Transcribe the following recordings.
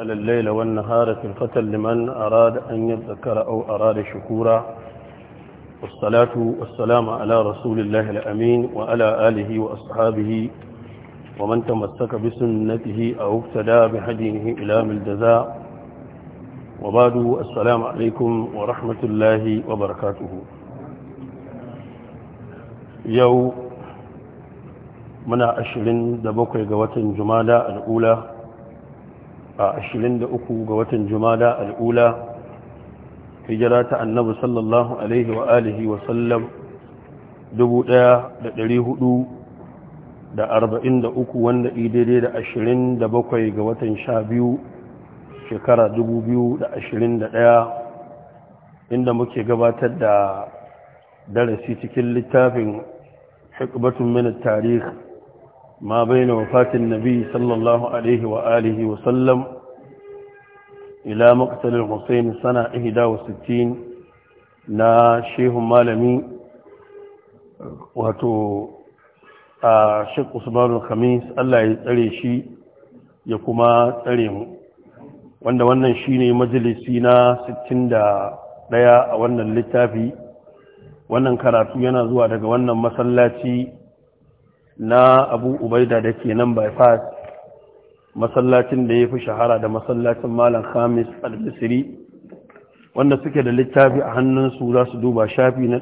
على الليل والنهار خلفة لمن أراد أن يذكر أو أراد شكورا والصلاة والسلام على رسول الله الأمين وعلى آله وأصحابه ومن تمسك بسنته أو اقتدى بهديه إلى ملجزاء وبعد السلام عليكم ورحمة الله وبركاته يوم من ashirin دبوك bakwai جمالة الأولى a 23 ga watan jumada al'ula hijira ta annabi sallallahu alaihi wa alihi wa sallam 1443 wanda idere da 27 ga watan 12 shekara 2021 inda muke gabatar da darasi cikin littafin hikbatun min tarih ما بين وفاة النبي صلى الله عليه وآله وسلم إلى مقتل الحسين سنة 61 نا شيخ مالمي وهتو شيخ عثمان الخميس الله يتعلي شيء يكما تعليمه wanda wannan shine majalisi na 61 a wannan littafi wannan karatu yana zuwa daga wannan masallaci na abu ubaida da ke nan bypass masallacin da ya fi shahara da masallacin malam khamis al-bisri wanda suke da littafi a hannunsu za su duba shafi na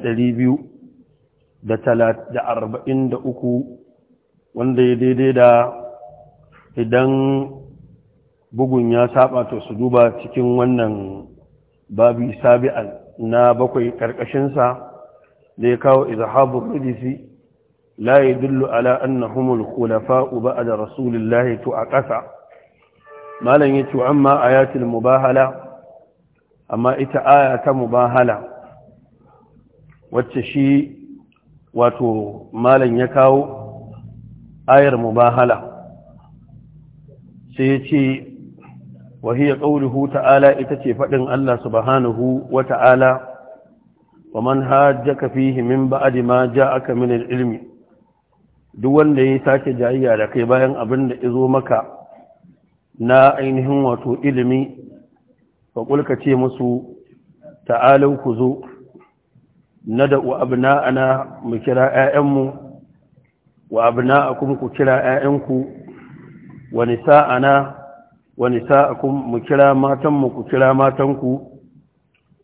ɗari da arba'in da uku wanda ya daidai da idan bugun ya saba to su duba cikin wannan babi sabi'al na bakwai ƙarƙashinsa da ya kawo izahabu rudisi لا يدل على أنهم الخلفاء بعد رسول الله تعقسا ما لن يتعمى آيات المباهلة أما إتا آية مباهلة والتشي واتو ما لن يكاو آية مباهلة سيتي وهي قوله تعالى إتتي فأدن الله سبحانه وتعالى ومن هاجك فيه من بعد ما جاءك من العلم duk wanda ya sake jayayya da kai bayan abin da izo maka na ainihin wato ilimi fa kulka ce musu ta'alau ku zo nada'u abna'ana mu kira 'ya'yanmu wa abna'akum ku kira 'ya'yanku wa nisa'ana wa nisa'akum mu kira matanmu ku kira matanku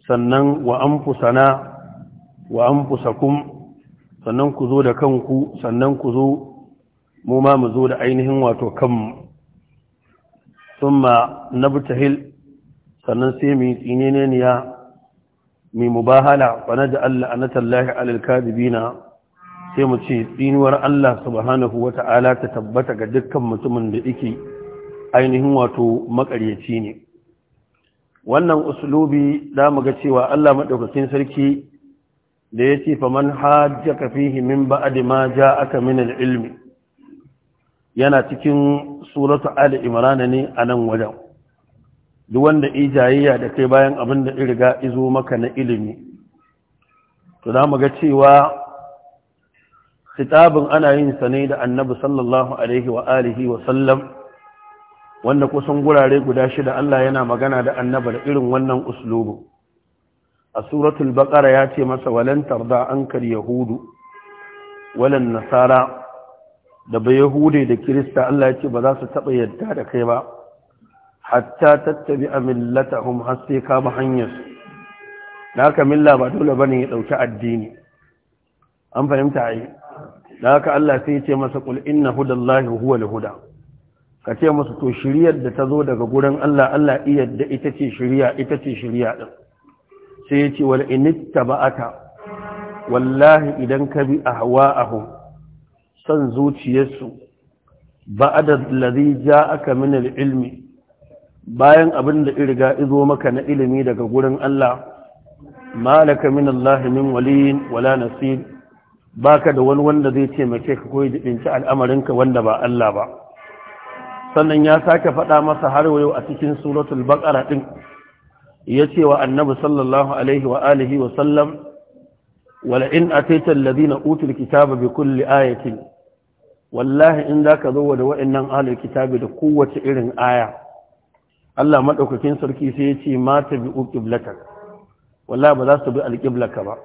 sannan wa anfusana wa anfusakum sannan ku zo da kanku sannan ku zo mu ma mu zo da ainihin wato kanmu na nabtahil sannan sai mu yi ne ya mu mubahala fa naj'al la'natallahi 'alal kadibina sai mu ce tsinuwar Allah subhanahu wata'ala ta tabbata ga dukkan mutumin da yake ainihin wato makaryaci ne wannan uslubi da mu ga cewa Allah madaukakin sarki da ya ce faman ka fihi min ba'di ma ja'aka min al-ilmi yana cikin suratu ali imran ne a nan wajen duk wanda ijayayya da kai bayan abin da riga izo maka na ilimi to za mu ga cewa khitabin ana yin sa ne da annabi sallallahu alaihi wa alihi wa sallam wanda kusan gurare guda shida Allah yana magana da annabi da irin wannan uslubu a suratul baqara ya ce masa da an ankar yahudu walan nasara da ba yahude da kirista Allah ya ce ba za su taba yadda da kai ba hatta tattabi millatahum har sai ka ba hanyar da haka milla ba dole ne ya ɗauki addini an fahimta yi. da haka Allah sai ya ce masa qul inna hudallahi huwal huda ka ce masa to shiryar da ta zo daga gurin Allah Allah iya da ita ce shiriya ita ce shiriya sai ya ce wal inittaba'aka wallahi idan ka bi ahwa'ahum san zuciyarsu ba'da allazi ja'aka min minar ilmi bayan abin da irga izo maka na ilimi daga gurin Allah malaka min Allah min waliyin wala nasir baka da wani wanda zai taimake ka koyi dinci al'amarinka wanda ba Allah ba sannan ya sake faɗa masa har wayo a cikin suratul baqara din ya ce wa annabi sallallahu alaihi wa alihi wa sallam wala'in a taitar ladina utul kitaba bi kulli ayatin wallahi in za ka zo wa da wa'annan ahalar kitabi da kowace irin aya Allah maɗaukakin sarki sai ya ce ma ta bi uƙiblatar wallahi ba za su bi alƙiblaka ba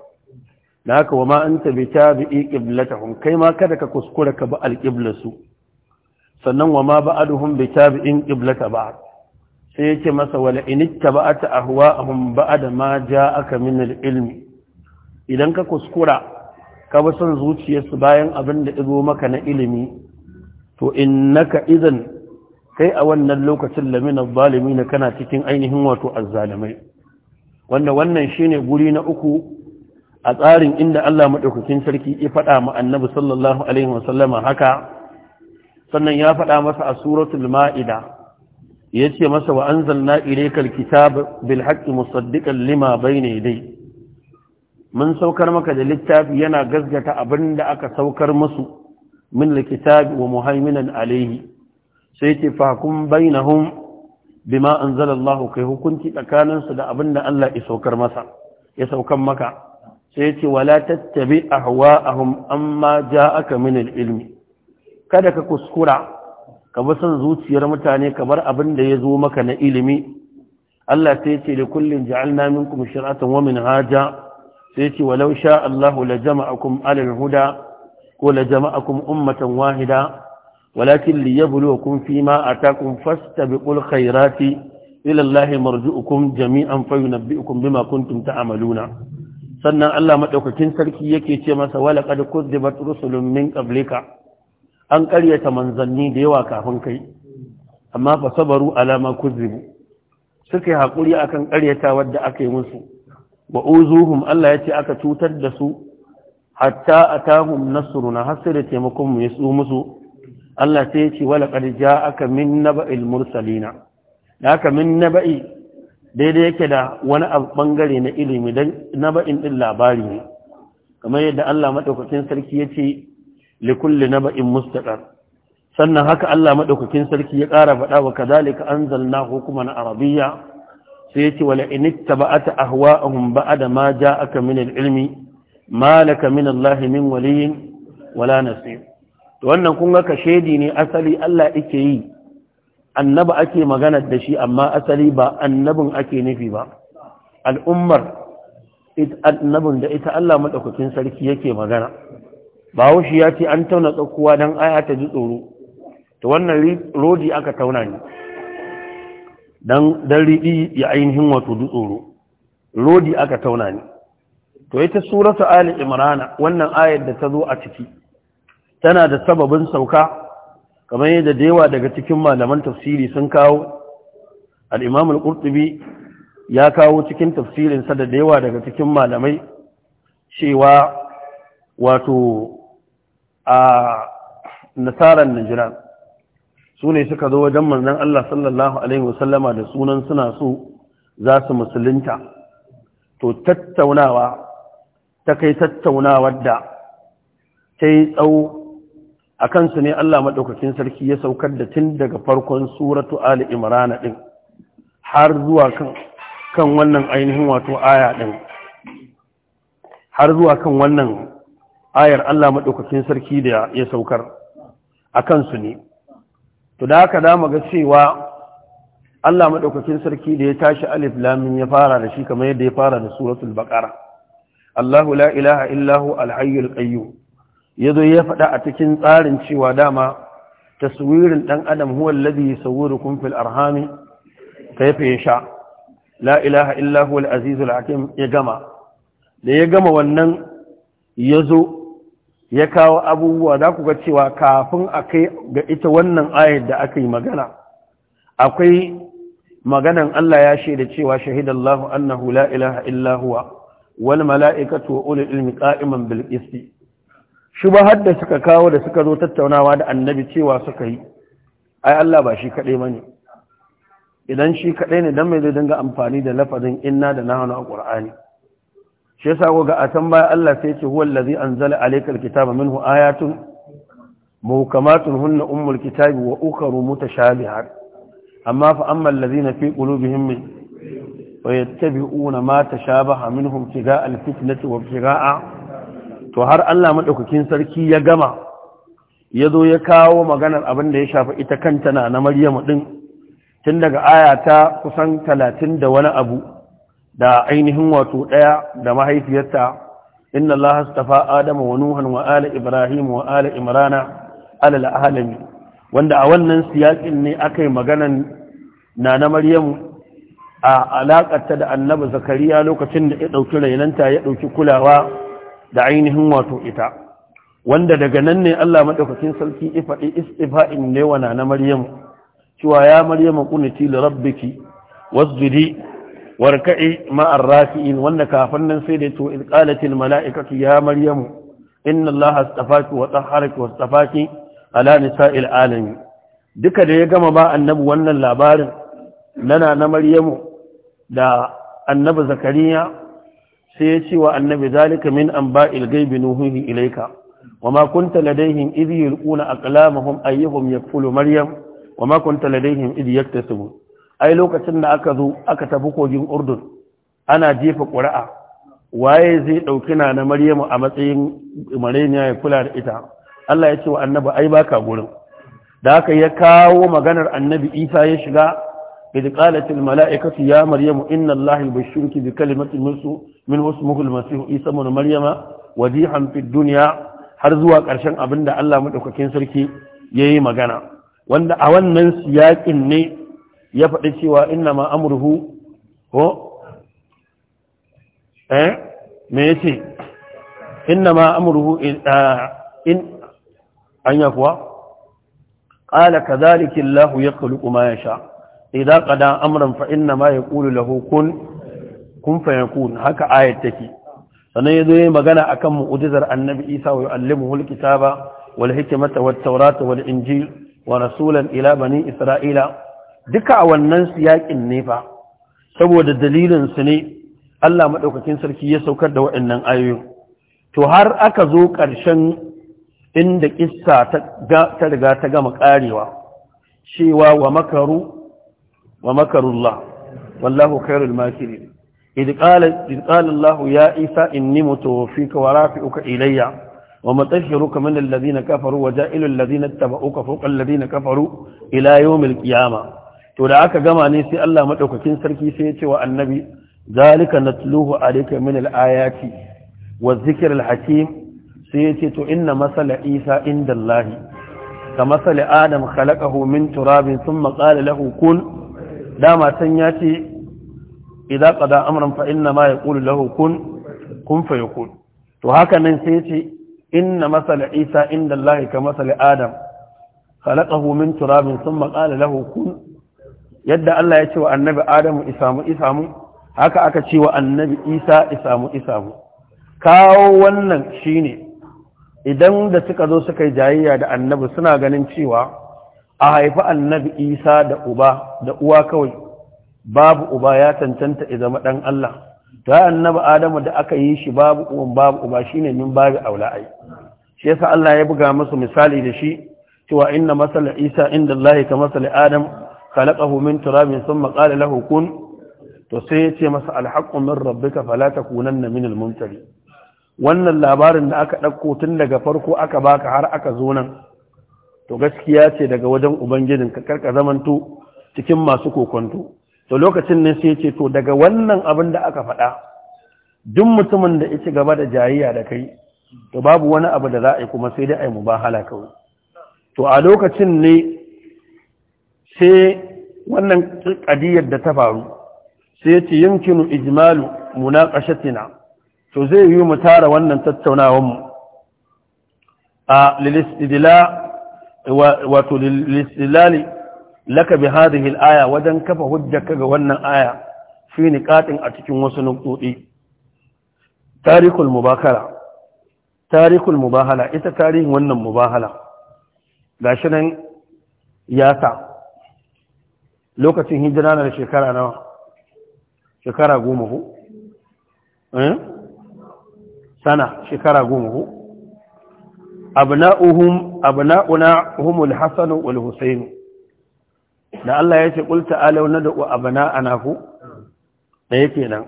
da haka wa ma'anta bi ta bi iƙiblatahun kai ma kada ka kuskura ka bi alƙiblasu sannan wa ma ba ba'aduhun bi ta bi in ƙiblata ba sai yake masa wala initta a ahwa'ahum da ma ja'aka min al-ilmi idan ka kuskura ka bi son zuciyarsu bayan abin da izo maka na ilimi to innaka idan kai a wannan lokacin lamina zalimin kana cikin ainihin wato azzalimai wanda wannan shine guri na uku a tsarin inda Allah maɗaukakin sarki ya faɗa ma annabi sallallahu alaihi wasallama haka sannan ya faɗa masa a suratul ma'ida Ya ce masa wa an ilaykal kitaba bil bilhaƙi musaddiqan lima ne dai. mun saukar maka da littafi yana gazgata abin da aka saukar musu min likitabi wa muhaiminan alaihi sai ce na hun bima anzalallahu kai hukunci tsakaninsu da abin da Allah ya saukar masa ya saukar maka sai ce wala tattabi ahwa'ahum amma aka min ilmi kada ka kuskura ka son zuciyar mutane kamar abin da ya zo maka na ilimi Allah sai ce da kullum ja'alna minkum shir'atan wamin haja, sai ce walau sha Allah la jama'akum alal huda ko la jama'akum ummatan wahida walakin liyabluwakum fima atakum fastabiqul khairati ila Allah marji'ukum jami'an fayunabbi'ukum bima kuntum ta'maluna sannan Allah madaukakin sarki yake ce masa walaqad kuzibat rusulun min qablika an karyata manzanni da yawa kafin kai amma fa sabaru alama kuzibu suka yi haƙuri a akan karyata wadda aka yi musu wa uzuhum Allah ya ce aka cutar da su hatta a nasuru na hasir da taimakon mu ya su musu Allah sai ya ce wala ƙarja aka min naba'il mursalina aka min ba'i daidai yake da wani ɓangare na ilimi don dan ba'in ɗin labari ne kamar yadda Allah maɗaukacin sarki ya ce likulli naba'in mustaqar sannan haka Allah madaukakin sarki ya ƙara faɗa wa kadhalika anzalna hukuman arabiyya sai yace wala in ittaba'ata ahwa'ahum ba'da ma ja'aka min al-ilmi malaka laka min Allah min waliyyin wala nasir to wannan kun ga kashedi ne asali Allah yake yi annaba ake magana da shi amma asali ba annabin ake nufi ba al'ummar annabin da ita Allah madaukakin sarki yake magana ba wushi ya ce an tauna tsakuwa don aya ta ji tsoro ta wannan rodi aka tauna ne don riɗi ya ainihin wato ji tsoro rodi aka tauna ne to ita suratu ali imrana wannan ayar da ta zo a ciki tana da sababin sauka kamar yadda da yawa daga cikin malaman tafsiri sun kawo al’imamul ƙurtubi ya kawo cikin tafsirinsa da yawa daga cikin malamai cewa wato a nasarar najiran su ne suka zo wajen manzan Allah sallallahu Alaihi wasallama da sunan suna so za su musulunta to tattaunawa ta kai tattaunawar da ta yi tsawo a kansu ne Allah maɗaukakin sarki ya saukar da tun daga farkon suratu Ali Imrana ɗin har zuwa kan wannan ainihin wato aya ɗin har zuwa kan wannan ayar Allah maɗaukakin sarki da ya saukar a kansu ne to da haka da ga cewa Allah maɗaukakin sarki da ya tashi alif lamin ya fara da shi kamar yadda ya fara da suratul baqara Allahu la ilaha illahu alhayyul qayyum yazo ya faɗa a cikin tsarin cewa dama taswirin dan adam huwa alladhi yusawwirukum fil arhami kayfa yasha la ilaha illahu alazizul hakim ya gama da ya gama wannan yazo ya kawo abubuwa za ku ga cewa kafin a kai ga ita wannan ayar da aka yi magana akwai maganan Allah ya shaida cewa shahidallahu annahu la ilaha illa huwa wal mala'ikatu wa ulul ilmi qa'iman bil qisti shubahar da suka kawo da suka zo tattaunawa da annabi cewa suka yi ai Allah ba shi kadai bane idan shi kadai ne dan mai zai dinga amfani da lafazin inna da nahnu a qur'ani shi yasa ga a can Allah sai ce huwa allazi anzala alaykal kitaba minhu ayatun muhkamatun hunna ummul kitabi wa ukharu mutashabihat amma fa amma allazina fi qulubihim ويتبعون ما تشابه منهم ابتغاء الفتنة وابتغاء to har Allah madaukakin sarki ya gama yazo ya kawo maganar abin da ya shafi ita kanta na Maryam din tun daga aya ta kusan 30 da wani abu da ainihin wato ɗaya da mahaifiyarta inna Allah astafa Adama wa Nuhan wa ala Ibrahim wa ala Imrana alal alamin wanda a wannan siyakin ne aka yi na na Maryam a alakarta da Annabi Zakariya lokacin da ya ɗauki rainanta ya ɗauki kulawa da ainihin wato ita wanda daga nan ne Allah madaukakin sarki ifadi istifa'in ne wa na Maryamu cewa ya maryam kunti li rabbiki wasjudi warka'i ma'ar rafi'in wanda kafin nan sai da to ilqalatil mala'ikatu ya maryamu inna allaha astafaki wa tahharaki wastafaki ala nisa'il alamin duka da ya gama ba annabi wannan labarin nana na maryamu da annabi zakariya sai ya ce wa annabi zalika min anba'il ghaibi nuhihi ilayka wama kunta ladaihim idh yulquna aqlamahum ayyuhum yakfulu maryam wama kunta ladaihim idh yaktasibun ai lokacin da aka zo aka tafi kogin urdun ana jefa ƙuri'a waye zai ɗauki na na maryamu a matsayin mareniya ya kula da ita Allah ya ce wa annabi ai baka gurin da haka ya kawo maganar annabi isa ya shiga إذ قالت الملائكة يا مريم إن الله يبشرك min من اسمه المسيح عيسى من Maryama. وديحا في الدنيا har zuwa ƙarshen abin da Allah maɗaukakin sarki ya yi magana wanda a wannan siyaƙin ne ya faɗi cewa inna ma amurhu ko eh me yace inna ma amurhu ah, in anya kuwa qala kadhalika allah yakhluqu ma yasha qada amran fa inna ma yaqulu lahu kun kun haka ayat take sannan yazo yayin magana akan mu'jizar annabi isa wa yu'allimuhu alkitaba wal hikmata wat tawrata wal injil wa rasulan ila bani isra'ila duka a wannan siyakin ne fa saboda dalilin su ne Allah madaukakin sarki ya saukar da waɗannan ayoyin to har aka zo ƙarshen inda kissa ta riga ta gama karewa cewa wa makaru wa makarullah wallahu khairul makirin إذ قال, إذ قال الله يا إيسى إني متوفيك ورافئك إلي ومطهرك من الذين كفروا وجائل الذين اتبعوك فوق الذين كفروا إلى يوم القيامة to da aka gama ne sai Allah maɗaukakin sarki sai ya ce wa annabi zalika natluhu alayka min al-ayati wa dhikr al-hakim sai ya ce to inna masala isa inda Allah ka masala adam khalaqahu min turabin thumma qala lahu kun dama san ya ce idza qada amran fa inna ma yaqulu lahu kun kun fayakun to haka nan sai ya ce inna masala isa inda Allah ka masala adam khalaqahu min turabin thumma qala lahu kun yadda Allah ya ce wa annabi Adamu isamu isamu haka aka ce wa annabi Isa isamu isamu kawo wannan shine idan da suka zo suka yi jayayya da annabi suna ganin cewa a haifi annabi Isa da uba da uwa kawai babu uba ya cancanta ya zama dan Allah ta annabi Adamu da aka yi shi babu uwan babu uba shine min babu aula'ai shi yasa Allah ya buga musu misali da shi cewa inna masala Isa inda Allah ka masala Adamu. khalaqahu min turabin sun qala lahu kun to sai yace masa ka falata rabbika fala takunanna min wannan labarin da aka ɗauko tun daga farko aka baka har aka zo nan to gaskiya ce daga wajen ubangijin ka karka zamanto cikin masu kokonto to lokacin ne sai ce to daga wannan abin da aka faɗa duk mutumin da ya ci gaba da jayayya da kai to babu wani abu da za a yi kuma sai dai a yi mubahala kawai to a lokacin ne sai wannan ƙadiyar da ta faru sai ya ce yankinu ijmalu munaqashatina to zai yi mu tara wannan tattaunawar mu a lilistidila wato lilistilali laka bi hadhihi al wajen kafa hujjaka ga wannan aya fi niqatin a cikin wasu nuktodi tarikul mubakara tarikul mubahala ita tarihin wannan mubahala gashi nan ya ta lokacin hijira na shekara nawa shekara goma ku eh? sana shekara goma ku abna'uhum abna'una humul hasan wal husayn da Allah ya ce qul ta'alu nad'u abna'ana ku da yake nan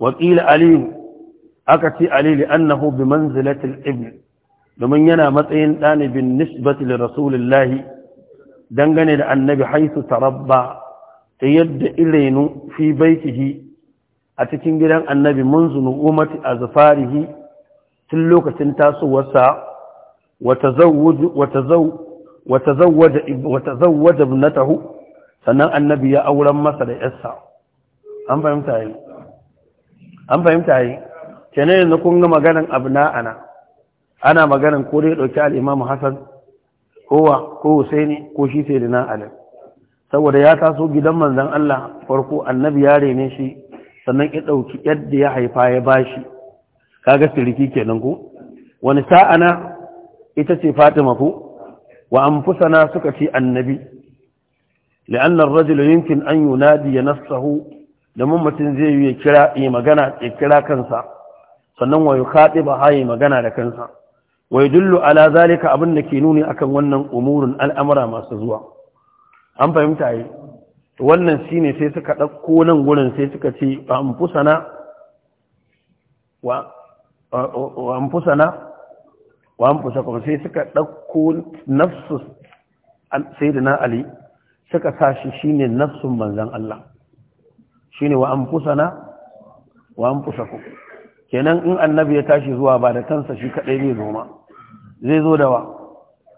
wa qila ali aka ce ali li annahu bi manzilati al ibn domin yana matsayin bin nisbati li rasulillahi dangane da annabi haisu tarabba ta yadda ilainu fi baitihi a cikin gidan annabi munzu a zafarihi tun lokacin tasowarsa wata tazawwaju wa na tahu, ibnatahu sannan annabi ya auren masa da yarsa an fahimta yi an fahimta yi kenan yanzu kun ga maganan abna ana ana maganan ko dauki al Hassan. kowa ko husaini ko shi sai da na ali saboda ya taso gidan manzan Allah farko annabi ya rene shi sannan ya ɗauki yadda ya haifa ya bashi kaga siriki kenan ko wani sa'ana ita ce fatima ko wa anfusana suka ce annabi la'anna ar-rajula yumkin an yunadi da domin mutum zai yi kira yi magana ya kira kansa sannan wa yukhatiba hayi magana da kansa Wai dullu ala zalika abin da ke nuni akan wannan umurin al'amara masu zuwa an fahimta yi wannan shine sai suka ɗauko nan gurin sai suka ce wa an fusana wa amfusa kuma sai suka ɗauko nafsu sai da na ali suka sa shi shine nafsun manzan Allah shine wa an wa an kuma kenan in annabi ya tashi zuwa ba da kansa shi kaɗai ne zoma zai zo da wa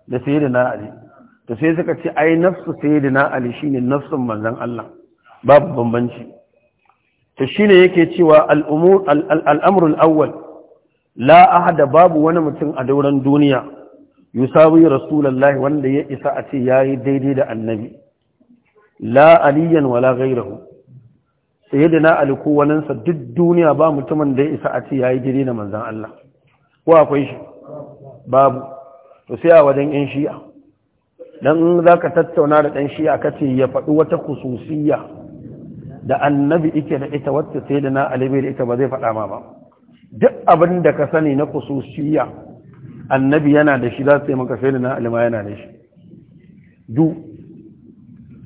da sayyidina ali to sai suka ce ai nafsu sayyidina ali shine nafsun manzon Allah babu bambanci to shine yake cewa al-umur al awwal la ahada babu wani mutum a dauran duniya yusabi rasulullahi wanda ya isa a ce yayi daidai da annabi la aliyan wala ghayruhu sayyidina ali ko wannan duk duniya ba mutumin da ya isa a ce yayi daidai da manzan Allah ko akwai shi babu to sai a wajen yan shi'a dan za ka tattauna da ɗan shi'a ce ya faɗi wata kususiyya da annabi ike da ita wacce sai da na alibai da ita ba zai faɗa ma ba duk abin da ka sani na kususiyya annabi yana da shi za su yi maka sai da na alima yana da shi du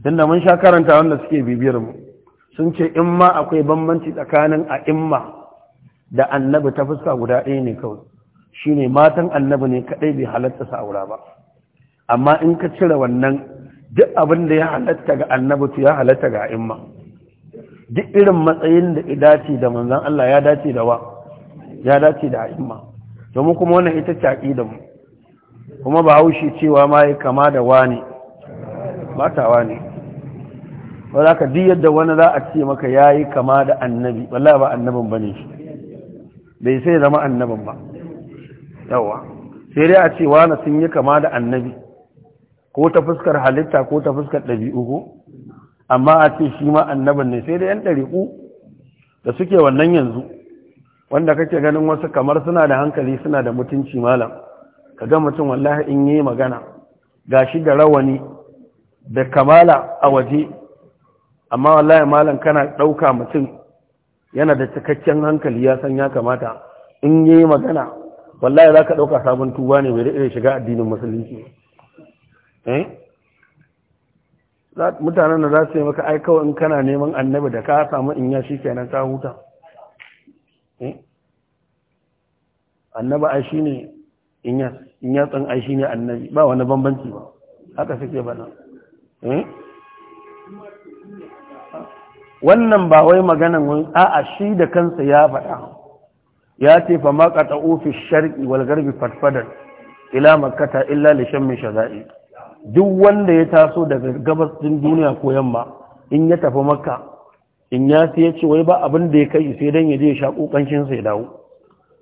da mun sha karanta wanda suke bibiyar mu sun ce in ma akwai bambanci tsakanin aimma da annabi ta fuska guda ɗaya ne kawai ne matan annabi ne kadai bai halatta su aura ba amma in ka cire wannan duk abin da ya halatta ga annabi to ya halatta ga imma duk irin matsayin da ya dace da manzan Allah ya dace da wa ya dace da imma domin kuma wannan ita ce aqidar mu kuma ba haushi cewa ma yi kama da wani mata wani ba za ka diyar da wani za a ce maka ya yi kama da annabi wallah ba annabin ba ne shi bai sai zama annabin ba yawa sai dai a ce wani sun yi kama da annabi ko ta fuskar halitta ko ta fuskar ɗabi'u ko amma a ce shi ma annabin ne sai dai yan ɗari'u da suke wannan yanzu wanda kake ganin wasu kamar suna da hankali suna da mutunci malam ka ga mutum wallahi in yi magana ga shi da rawani da kamala a waje amma wallahi malam kana ɗauka mutum yana da cikakken hankali ya san ya kamata in yi magana wallahi za ka ɗauka sabon tuba ne mai irin shiga addinin musulunci eh? mutanen da za su yi maka aikawa in kana neman annabi da ka samu in ya shi kenan ka huta eh? annaba ai shi ne in ya tsan ai shi ne annabi ba wani bambanci ba haka suke eh wannan ba wai maganan wani a'a shi da kansa ya faɗa ya ce fa ma ƙata ofis sharqi walgarbi ila makata ila makata illa shan mai shaza'i duk wanda ya taso daga gabas din duniya ko yamma in ya tafi makka in ya ya ce wai ba abin da ya kai sai dan ya je ya sha kokancin sai dawo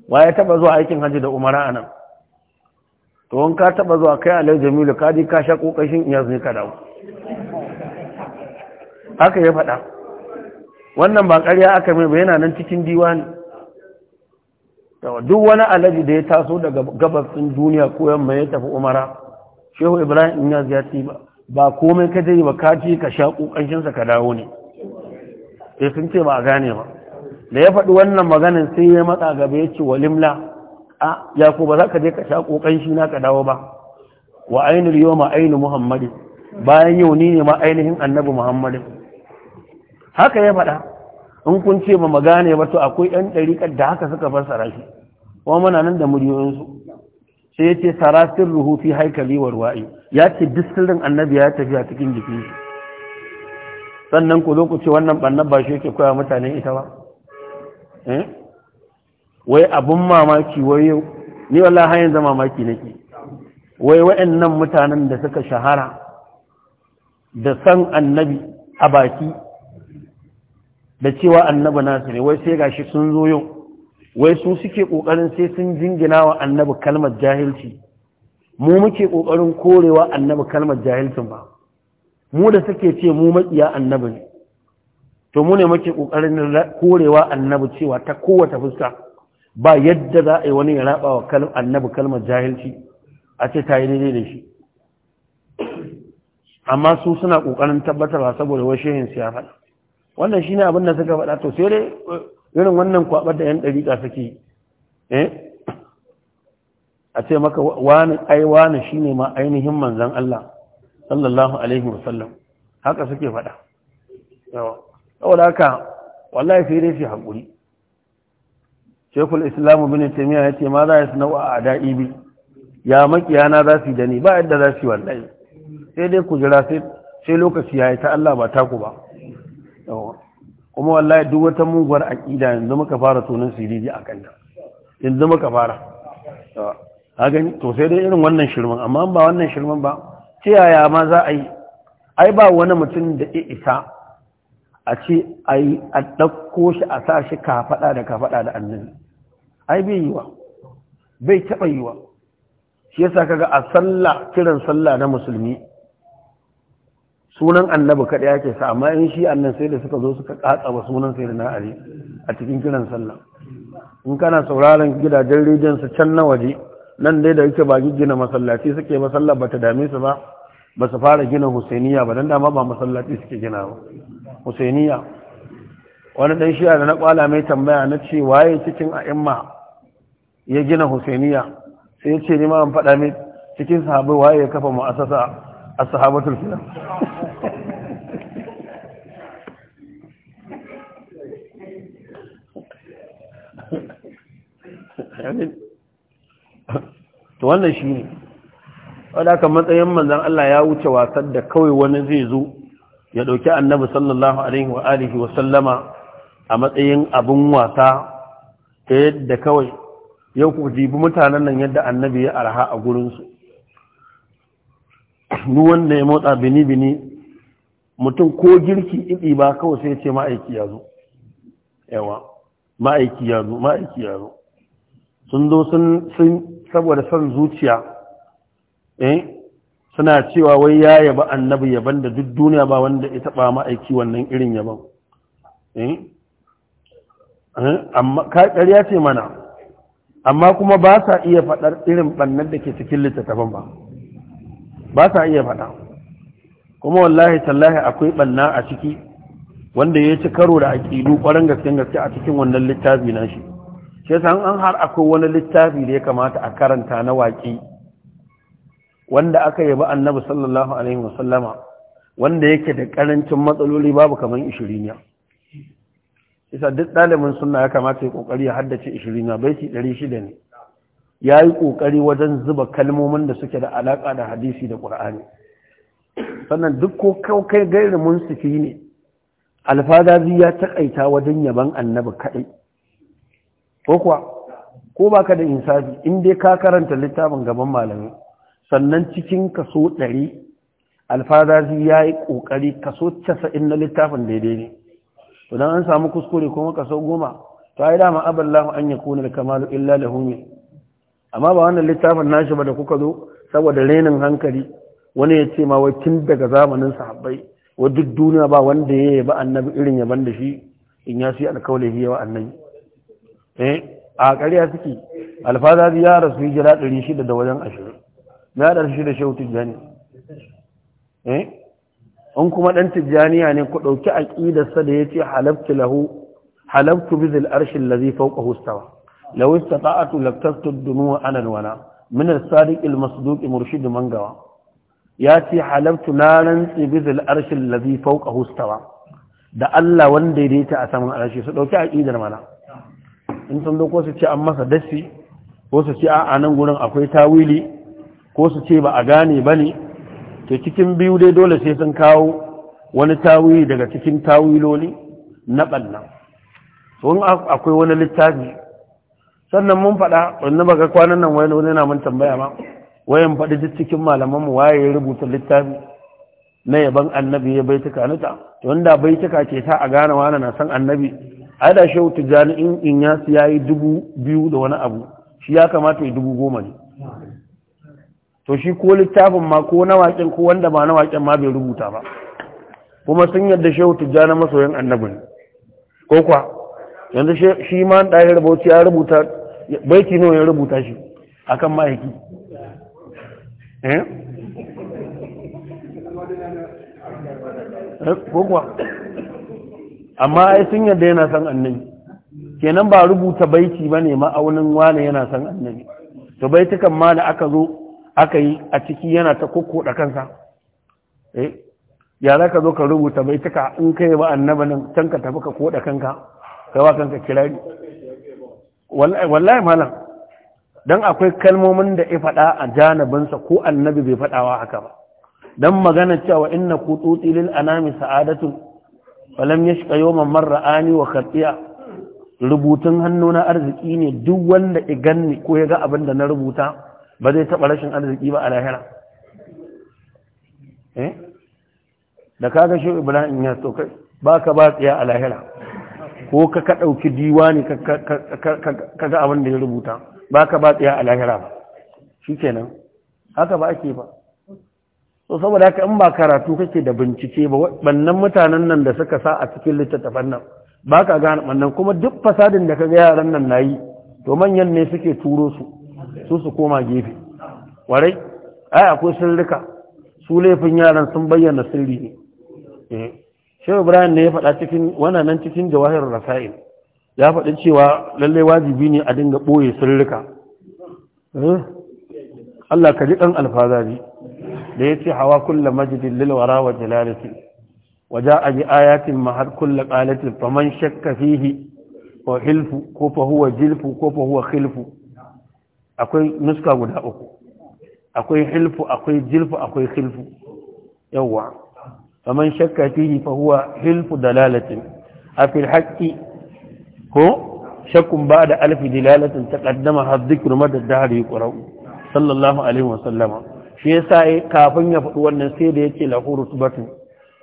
wa ya taba zuwa aikin haji da umara anan to in ka taba zuwa kai alai jamilu ka ka sha kokancin iyaz ne ka dawo haka ya faɗa wannan ba ƙarya aka mai ba yana nan cikin diwani duk wani alaji da ya taso daga din duniya ko yamma ya tafi umara shehu ibrahim in ya ziyarci ba ba komai ka je ba ka ka sha kokanshinsa ka dawo ne sai eh, sun ce ba a gane ba da ya faɗi wannan maganin sai ya matsa gaba ya ce walimla a ya ko ba za ka je ka sha kokanshi na ka dawo ba wa yau ma ainihin Muhammadin. bayan yau ni ne ma ainihin annabi muhammadin haka ya faɗa in kun ce ba magane ba to akwai ɗan ɗariƙar da haka suka bar sarashi kuma muna nan da muryoyinsu sai ya ce sarasin ruhufi haikali haikali ruwa'i ya ce duk annabi ya tafi a cikin jikin shi sannan ku zo ku wannan ɓannan ba shi yake koya mutane ita ba eh? wai abun mamaki wai yau ni wallahi har yanzu mamaki nake wai waɗannan mutanen da suka shahara da san annabi a baki da cewa annabi nasu ne wai sai gashi sun zo yau wai su suke kokarin sai sun jingina wa annabi kalmar jahilci mu muke kokarin korewa annabi kalmar jahilcin ba mu da suke ce mu makiya annabi ne to mu ne muke kokarin korewa annabi cewa ta kowace fuska ba yadda za a yi wani raba wa annabi kalmar jahilci a ce ta yi daidai da shi amma su suna kokarin tabbatarwa saboda wai shehin siyasa wannan shine abin da suka faɗa to sai dai eh, irin wannan kwabar da yan ɗariƙa suke eh a ce maka wani ai wani shine ma ainihin manzon Allah sallallahu alaihi wasallam haka suke faɗa yawa saboda haka wallahi sai dai shi hakuri shekul islamu bin taimiyya ya ce ma za ya sanawa a da'ibi. bi ya makiyana za su yi da ni ba yadda za su yi wallahi sai dai ku jira sai lokaci ya yi ta Allah ba taku ba kuma wallahi duk wata muguwar aƙida yanzu muka fara sunan siriji a da yanzu muka fara a gani to sai dai irin wannan shirman amma ba wannan shirman ba ce yaya ma za a yi ai ba wani mutum da ya isa a ce a yi a ɗauko shi a sa shi kafaɗa da kafaɗa da annabi ai bai yiwa bai taɓa yiwa shi yasa kaga a sallah kiran sallah na musulmi sunan annabi kaɗai yake sa amma in shi annan sai da suka zo suka ƙatsa ba sunan sai da na ali a cikin kiran sallah in kana sauraron gidajen rediyon su can na waje nan dai da yake ba gina masallaci suke masallar bata dame su ba ba su fara gina husainiya ba don dama ba masallaci suke gina ba husainiya wani ɗan shi'a da na kwala mai tambaya na ce waye cikin a'imma ya gina husainiya sai ya ce ni ma an faɗa mai cikin sahabai waye ya kafa mu'asasa? asahabatul kiram to wannan shi ne wadda matsayin manzan Allah ya wuce wasan da kawai wani zai zo ya ɗauki annabi sallallahu alaihi wa alihi wa sallama a matsayin abin wasa ta yadda kawai yau ku jibi mutanen nan yadda annabi ya arha a gurinsu ruwan wanda ya motsa bini bini mutum ko girki iɗi ba kawai sai ce ma'aiki ya zo yawa ma'aiki ya zo ma'aiki ya zo sun zo sun saboda son zuciya eh suna cewa wai ya yaba annabi yaban da duk duniya ba wanda ya taɓa ma'aiki wannan irin yaban eh, eh amma ƙarya ce mana amma kuma ba sa iya faɗar irin ɓannar da ke cikin littattafan ba ba sa iya faɗa kuma wallahi tallahi akwai ɓanna a ciki wanda ya ci karo da aƙilu ƙwarar gaske gaske a cikin wannan littafi na shi shi san an har akwai wani littafi da ya kamata a karanta na waƙi wanda aka yaba annabi sallallahu alaihi wasallama wanda yake da ƙarancin matsaloli babu kamar ishirinya isa duk ɗalibin suna ya kamata ya ƙoƙari ya haddace bai baiti ɗari shida ne ya yi ƙoƙari wajen zuba kalmomin da suke da alaƙa da hadisi da ƙur'ani sannan duk ko kai gairi munsifi ne alfadazi ya taƙaita wajen yaban annabi kaɗai ko kuwa ko ba ka da insafi in dai ka karanta littafin gaban malami sannan cikin kaso ɗari alfadazi ya yi ƙoƙari kaso casa'in na littafin daidai ne idan an samu kuskure kuma kaso goma ta yi dama aballahu an da kamalu illa lahu amma ba wannan littafin nashi ba da kuka zo saboda renin hankali wani ya ce ma wai tun daga zamanin sahabbai wa duk duniya ba wanda ya yaba annabi irin yaban da shi in ya shi alkawali ya wa annabi eh a ƙarya suke alfaza ya rasu ɗari shida da wajen ashirin, na da shi da shehu tijjani eh in kuma ɗan tijjaniya ne ku a aqidarsa da ya ce halabtu lahu halabtu bizil arshin ladhi fawqahu istawa لو استطعت لكتبت anan wana. Minar من Masduki المصدوق Mangawa. Ya ce ياتي حلبت نارا بذ الأرش الذي فوقه استوى da Allah wanda ya ta a saman arashi su dauki aqidar mana in sun dauko su ce an masa dasi ko su ce a nan gurin akwai tawili ko su ce ba a gane bane to cikin biyu dai dole sai sun kawo wani tawili daga cikin tawiloli na ballan sun akwai wani littafi sannan mun faɗa wani baka kwanan nan wani wani na mun tambaya ma wayan faɗi duk cikin malaman mu waye ya rubuta littafi na yaban annabi ya baituka nuta wanda baituka ke ta a gane wani na san annabi ai da shehu jani in in ya yi dubu biyu da wani abu shi ya kamata ya dubu goma ne to shi ko littafin ma ko na waƙen ko wanda ba na waƙen ma bai rubuta ba kuma sun yadda shehu tijjani masoyin annabi ne ko kwa yanzu shi ma ɗaya rubuta ya rubuta baiti nawa ya rubuta shi a ma'aiki mahaiki amma ai sun yadda yana san annabi kenan ba rubuta baiti ne ma'aunin wane yana san annabi to baitukan ma da aka zo aka yi a ciki yana ta kokkoda kansa eh? ya za ka zo ka rubuta baituka in kai ba annaba nan can ka tafi ka koda kanka kai wa kanka kirari wallahi malam don akwai kalmomin da ya faɗa a janabinsa ko annabi bai faɗawa haka ba don magana cewa inna kutu lil anami sa'adatun falam ya shiga yoman ani wa karɓiya rubutun hannu na arziki ne duk wanda ya ganni ko ya ga abin da na rubuta ba zai taɓa rashin arziki ba a lahira eh? da kaga shi ibrahim ya to kai ba ka ba tsaya a lahira ko ka ka ɗauki diwani ka ga abin da ya rubuta ba ka ba tsaya a lahira ba shi kenan haka ba ake ba so saboda haka in ba karatu kake da bincike ba wannan mutanen nan da suka sa a cikin littattafan nan ba ka gane wannan kuma duk fasadin da ka ga yaran nan nayi to manyan ne suke turo su su su koma gefe warai ai akwai sirrika su laifin yaran sun bayyana sirri ne eh. shehu ibrahim ne ya faɗa cikin wannan nan cikin jawahir rasail ya faɗi cewa lallai wajibi ne a dinga ɓoye sirrika eh? Allah ka ji ɗan alfazari da ya ce hawa kulla majidin lilwara wa jalalati wa ja a bi ayatin mahar kulla ƙalatin faman shakka fihi wa hilfu ko fa huwa jilfu ko fa huwa khilfu akwai nuska guda uku akwai hilfu akwai jilfu akwai khilfu yawwa faman shakka fihi fa huwa hilfu dalalatin a fil haqqi ko ba da alfi dalalatin taqaddama hadhikru madad dahri qura'u sallallahu alaihi wa sallama shi yasa kafin ya faɗi wannan sai da yake lahu rutbatun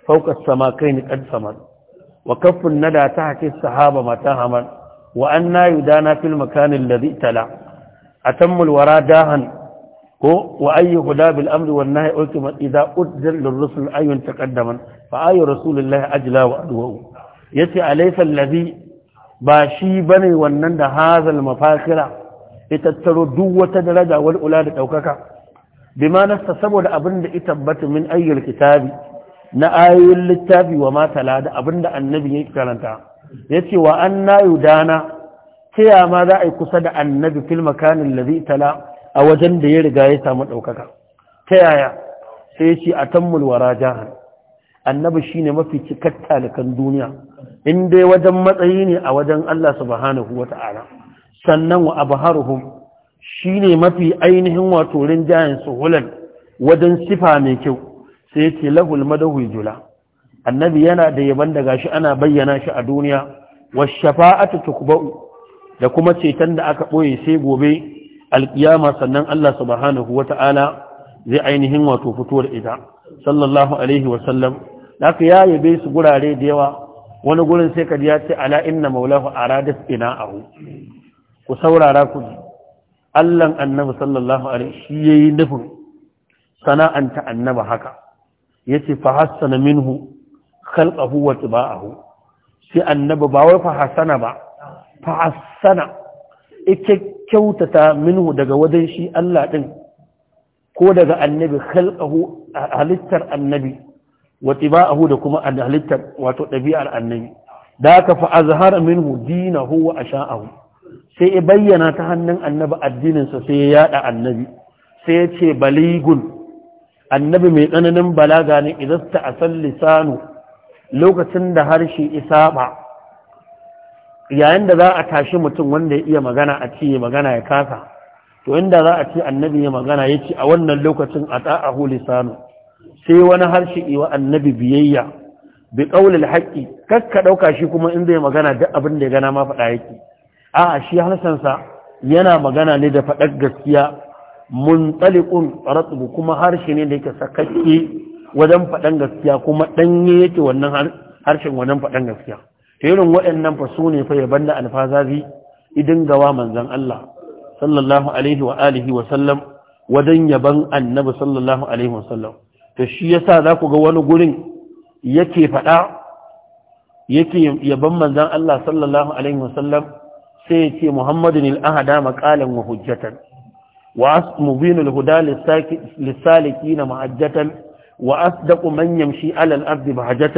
fawqa samakaini qad samad wa kaffun nada ta hakin sahaba mata hamad wa anna yudana fil makanin ladhi tala atammul wara dahan ko wa ayyu huda bil amri wan nahy ultima idza udzir lir rusul ayun taqaddaman fa ayu rasulillahi ajla wa adwa yace alaysa alladhi ba shi bane wannan da hazal mafakira ita taro duk wata daraja wal ula da daukaka bima nasta saboda abinda ita tabbata min ayyul kitabi na ayoyin littafi wa matala da abinda annabi ya karanta yace wa anna yudana ta ma za a yi kusa da annabi fil makanin ladhi tala a wajen da ya riga ya samu ɗaukaka ta yaya sai ce a tammul jahan. Annabi annabi shine mafi cikar talikan duniya in dai wajen matsayi ne a wajen Allah subhanahu wata'ala sannan wa abharuhum shine mafi ainihin wato rinjayen suhulan wajen sifa mai kyau sai ce lahul madahu jula annabi yana da yaban da shi ana bayyana shi a duniya was shafa'atu tukba'u da kuma ceton da aka ɓoye sai gobe alƙiyama sannan Allah subhanahu wata'ala zai ainihin wato fitowar ita sallallahu alaihi wa sallam haka ya bai su gurare da yawa wani gurin sai kadi ya ce ala inna maulahu aradat ina'ahu ku saurara ku ji Allahn annabi sallallahu alaihi shi ya yi nufin sana'anta annaba haka Ya ce fa hassana minhu khalqahu wa tiba'ahu sai annaba ba wai fa Hassana ba fa hassana kyautata minhu daga wajen shi Allah ɗin ko daga annabi khalqahu halittar annabi wa tiba'ahu da kuma halittar wato ɗabi'ar annabi da aka fa azhar minhu dinahu wa asha'ahu sai ya bayyana ta hannun annabi addinin sa sai ya yada annabi sai ya ce baligun annabi mai tsananin balaga ne idan ta asal lisanu lokacin da harshe isaba yayin da za a tashi mutum wanda ya iya magana a ce magana ya kasa to inda za a ce annabi ya magana ya ce a wannan lokacin a ta'ahu lisanu sai wani harshe iwa annabi biyayya bi qaulil haqqi kakka dauka shi kuma in zai magana duk abin da ya gana ma faɗa yake a'a shi harshen sa yana magana ne da faɗar gaskiya muntaliqun ratbu kuma harshe ne da yake sakakke wajen faɗan gaskiya kuma ɗanye yake wannan harshen wannan faɗan gaskiya irin waɗannan fa su ne fa yaban da alfazazi idan gawa manzan Allah sallallahu alaihi wa alihi wa sallam wadan yaban annabi sallallahu alaihi wa sallam to shi yasa za ku ga wani gurin yake faɗa yake yaban manzan Allah sallallahu alaihi wa sallam sai ya ce Muhammadun al-ahada maqalan wa hujjatan ومبين الهدى للسالكين معجة وأصدق من يمشي alal الأرض بهجة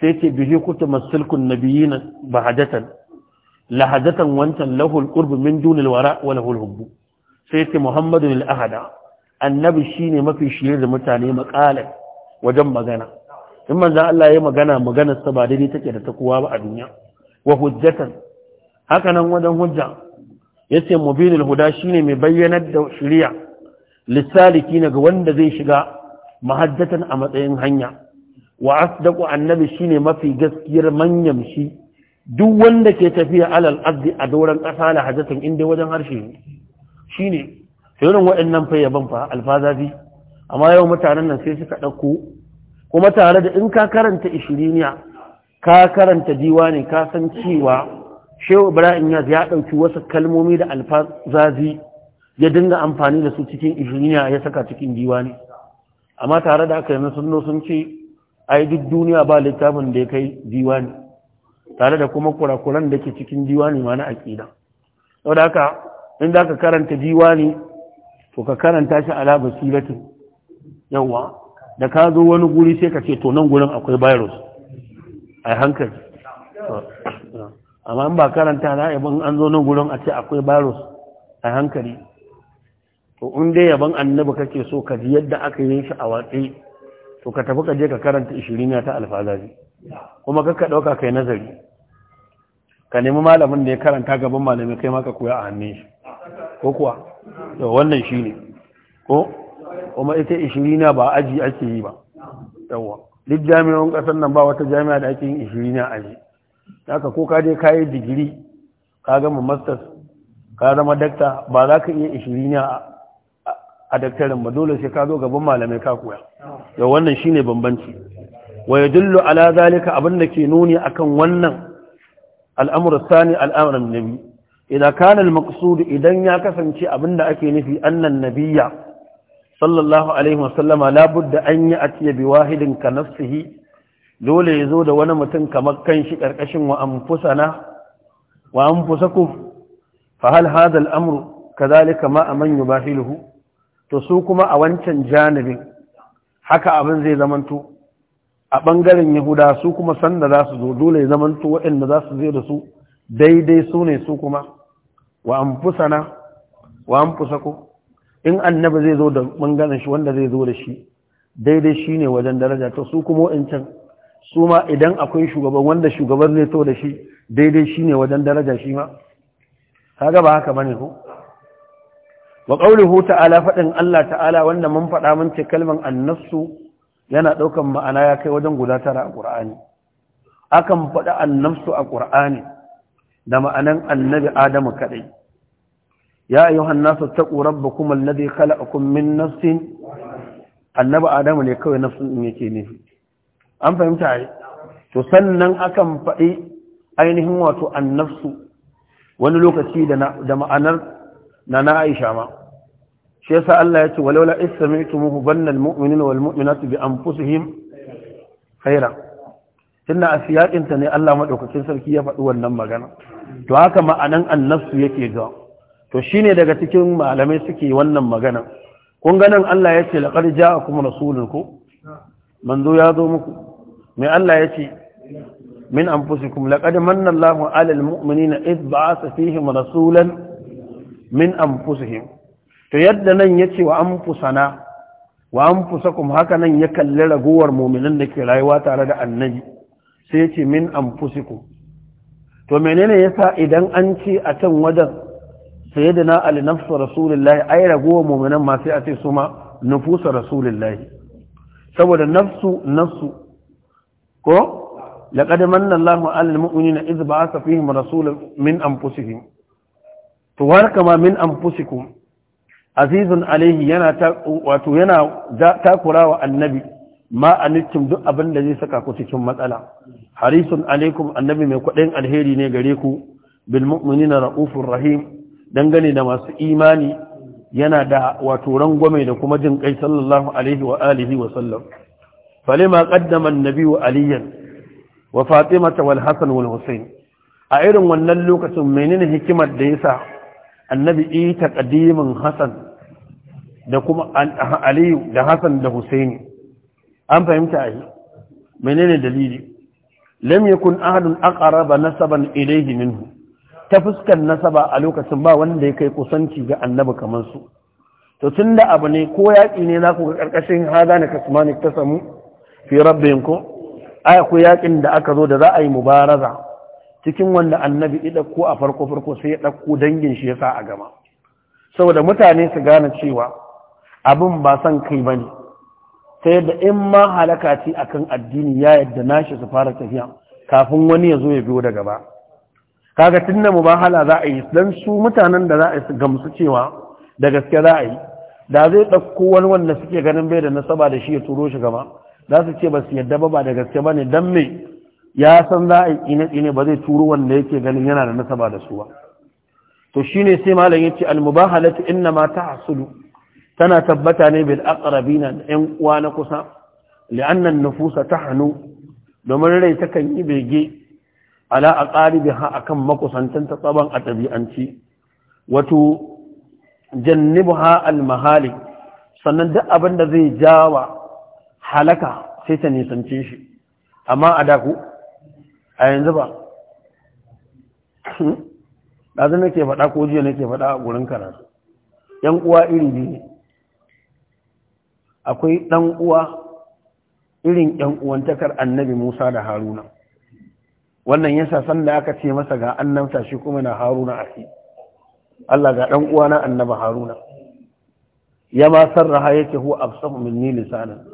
sai ce bihi kutu masulkun na bahadatan lahadatan wancan lahul qurb min dunil wara wa lahul hubbu sai ce muhammadun al ahada annabi shine mafi shirye da mutane makalan wajen magana in manzon Allah ya magana maganar sa ba daidai take da ta kowa ba a duniya wa hujjatan haka nan wajen hujja yace mubinul huda shine mai bayyanar da shirya lissaliki ga wanda zai shiga mahaddatan a matsayin hanya wa asdaqu annabi shine mafi gaskiyar manyan shi duk wanda ke tafiya alal ardi a doran kasa la hajatin inda wajen harshe ne shine irin waɗannan fa fa alfazazi. amma yau mutanen nan sai suka ɗauko. kuma tare da in ka karanta ishiriniya ka karanta diwani ka san cewa shehu ibrahim yaz ya ɗauki wasu kalmomi da alfazazi ya dinga amfani da su cikin ishiriniya ya saka cikin diwani amma tare da aka yi sunno sun ce ai duk duniya ba littafin da ya kai diwani tare da kuma kurakuran da ke cikin diwani ma na aƙida saboda haka in za ka karanta diwani to ka karanta shi ala basirati yawa da ka zo wani guri sai ka ce to nan gurin akwai virus ai hankali amma in ba karanta na yaban an zo nan gurin a ce akwai virus ai hankali to in dai yaban annabi kake so ka ji yadda aka yi shi a watsi to ka tafi ka je ka karanta ishiriniya ta alfazazi kuma ka ka ɗauka kai nazari ka nemi malamin da ya karanta gaban malami kai ma ka koya a hannun shi ko kuwa to wannan shi ne ko kuma ita ishiriniya ba aji ake yi ba yawa duk jami'an kasar nan ba wata jami'a da ake yin ishiriniya aji haka ko ka je ka yi digiri ka gama masters ka zama dakta ba za ka iya ishiriniya a daktarin ba dole sai ka zo gaban malamai ka koya da wannan shine bambanci wa yadullu ala zalika abinda ke nuni akan wannan al'amru sani al'amru nabi idan kana al-maqsud idan ya kasance abinda ake nufi annan nabiyya sallallahu alaihi wa sallama budda an yi atiya bi wahidin ka nafsihi dole ya zo da wani mutum kamar kan karkashin ƙarƙashin wa anfusana wa anfusakum fa hal hadha al-amru kadhalika ma man yubahiluhu to su kuma a wancan janibin haka abin zai zamanto a ɓangaren yahuda su kuma sanda za su zo dole ya zamanto waɗanda za su zai da su daidai su ne su kuma wa an fusana wa an ko? in annaba zai zo da ɓangaren shi wanda zai zo da shi daidai shi ne wajen daraja to su kuma waɗancan su ma idan akwai shugaban wanda shugaban zai to da shi daidai shi ne wajen daraja shi ma Ka gaba haka bane ko wa ƙaunuhu ta'ala faɗin Allah ta'ala wanda mun faɗa mun ce kalman annasu yana ɗaukan ma'ana ya kai wajen guda tara a ƙur'ani akan faɗi annasu a ƙur'ani da ma'anan annabi adamu kaɗai ya ayi hannasu ta ƙurar ba kuma lade a min nafsin annabi adamu ne kawai nafsin in yake ne an fahimta ai to sannan akan faɗi ainihin wato annasu wani lokaci da ma'anar na na aisha ma shi yasa Allah ya ce walaula istami'tumuhu banna almu'minina walmu'minatu bi anfusihim khaira tunda a siyakin ta ne Allah madaukakin sarki ya faɗi wannan magana to haka ma'anan annasu yake ga to shine daga cikin malamai suke wannan magana kun ganin Allah ya ce laqad ja'akum rasulun ku manzo ya zo muku mai Allah ya ce min anfusikum laqad manna Allahu 'alal mu'minina idh ba'atha fihim rasulan min anfusihim to yadda nan yace wa anfusana wa anfusakum haka nan ya kalli ragowar mu'minin da ke rayuwa tare da annabi sai yace min anfusikum to menene yasa idan an ce a can wajen sayyidina ali nafsu rasulullahi ai ragowar mu'minan ma sai a ce su ma nufusa rasulullahi saboda nafsu nafsu ko laqad manna Allahu 'alal mu'minina idh ba'atha fihim rasulan min anfusihim to har kama min anfusikum azizun alaihi yana wato yana takurawa annabi ma anittum duk abin da zai saka ku cikin matsala harisun alaikum annabi mai kudin alheri ne gare ku bil na raufur rahim dangane da masu imani yana da wato rangwame da kuma jin kai sallallahu alaihi wa alihi wa sallam ma qaddama annabi wa aliyan wa fatimata wal hasan wal a irin wannan lokacin menene hikimar da yasa annabi ita ƙadimin hassan da kuma aliyu da hassan da husaini an fahimta a yi menene dalili lam yakun ahadun aqraba nasaban ilayhi minhu ta fuskar nasaba a lokacin ba wanda ya kai kusanci ga annabi kamar su to tunda abu ne ko yaƙi ne za ku ga ƙarƙashin haza na kasmani ta samu fi rabbin ko aya ko yaƙin da aka zo da za a yi mubaraza cikin wanda annabi ya ɗauko a farko farko sai ya ɗauko dangin shi ya sa a gama saboda mutane su gane cewa abin ba son kai ba ne ta yadda in ma halaka ce kan addini ya yadda nashi su fara tafiya kafin wani ya zo ya biyo daga ba kaga tun da mubahala za a yi don su mutanen da za a yi su gamsu cewa da gaske za a yi da zai ɗauko wani wanda suke ganin bai da nasaba da shi ya turo shi gaba za su ce ba su yadda ba ba da gaske ba ne don me ya san za a yi tsine ba zai turo wanda yake ganin yana da nasaba da su ba to ne sai malam yace al-mubahalatu inna ma hasulu tana tabbata ne bil aqrabina da yan uwa na kusa li'anna nufusa ta hanu domin rai ta kan yi bege ala ha akan makusantan ta tsaban a tabi'anci wato jannibuha al almahali sannan duk abin da zai jawa halaka sai ta nisance shi amma a da ku. a yanzu ba ɗazu nake faɗa ko jiya nake faɗa a gurin karatu ‘yan uwa iri biyu akwai ɗan uwa irin ‘yan uwantakar annabi Musa da Haruna wannan yasa san da aka ce masa ga annan shi kuma na Haruna a fi Allah ga ɗan uwa na annaba Haruna ya ma sarraha yake huwa absahu minni lisanan